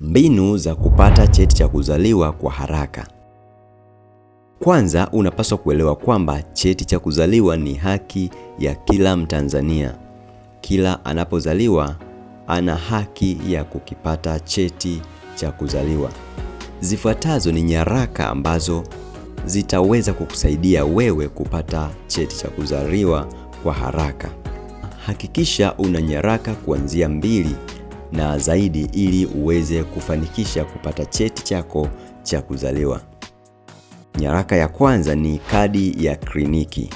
Mbinu za kupata cheti cha kuzaliwa kwa haraka. Kwanza unapaswa kuelewa kwamba cheti cha kuzaliwa ni haki ya kila Mtanzania. Kila anapozaliwa ana haki ya kukipata cheti cha kuzaliwa. Zifuatazo ni nyaraka ambazo zitaweza kukusaidia wewe kupata cheti cha kuzaliwa kwa haraka. Hakikisha una nyaraka kuanzia mbili na zaidi ili uweze kufanikisha kupata cheti chako cha kuzaliwa. Nyaraka ya kwanza ni kadi ya kliniki.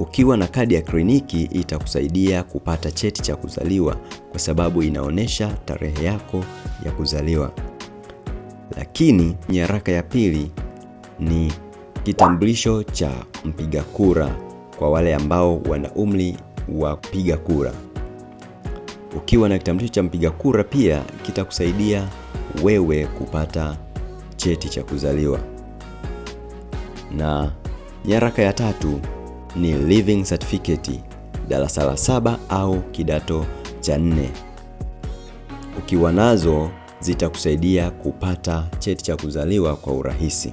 Ukiwa na kadi ya kliniki itakusaidia kupata cheti cha kuzaliwa kwa sababu inaonyesha tarehe yako ya kuzaliwa. Lakini nyaraka ya pili ni kitambulisho cha mpiga kura kwa wale ambao wana umri wa kupiga kura. Ukiwa na kitambulisho cha mpiga kura pia kitakusaidia wewe kupata cheti cha kuzaliwa. Na nyaraka ya tatu ni Living Certificate darasa la saba au kidato cha nne. Ukiwa nazo zitakusaidia kupata cheti cha kuzaliwa kwa urahisi.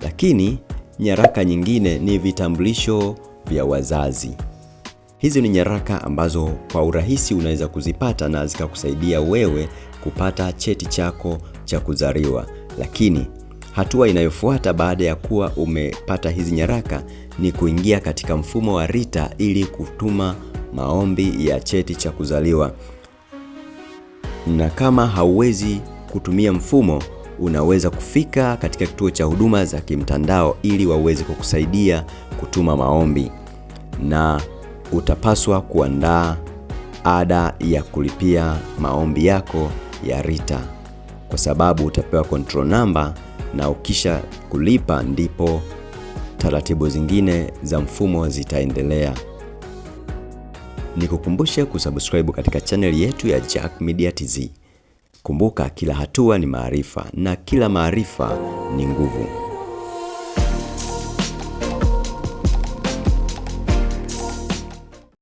Lakini nyaraka nyingine ni vitambulisho vya wazazi. Hizi ni nyaraka ambazo kwa urahisi unaweza kuzipata na zikakusaidia wewe kupata cheti chako cha kuzaliwa. Lakini hatua inayofuata baada ya kuwa umepata hizi nyaraka ni kuingia katika mfumo wa RITA ili kutuma maombi ya cheti cha kuzaliwa. Na kama hauwezi kutumia mfumo, unaweza kufika katika kituo cha huduma za kimtandao ili waweze kukusaidia kutuma maombi. Na utapaswa kuandaa ada ya kulipia maombi yako ya RITA kwa sababu utapewa control number na ukisha kulipa ndipo taratibu zingine za mfumo zitaendelea. Nikukumbushe kusubscribe katika chaneli yetu ya Jack Media TZ. Kumbuka, kila hatua ni maarifa na kila maarifa ni nguvu.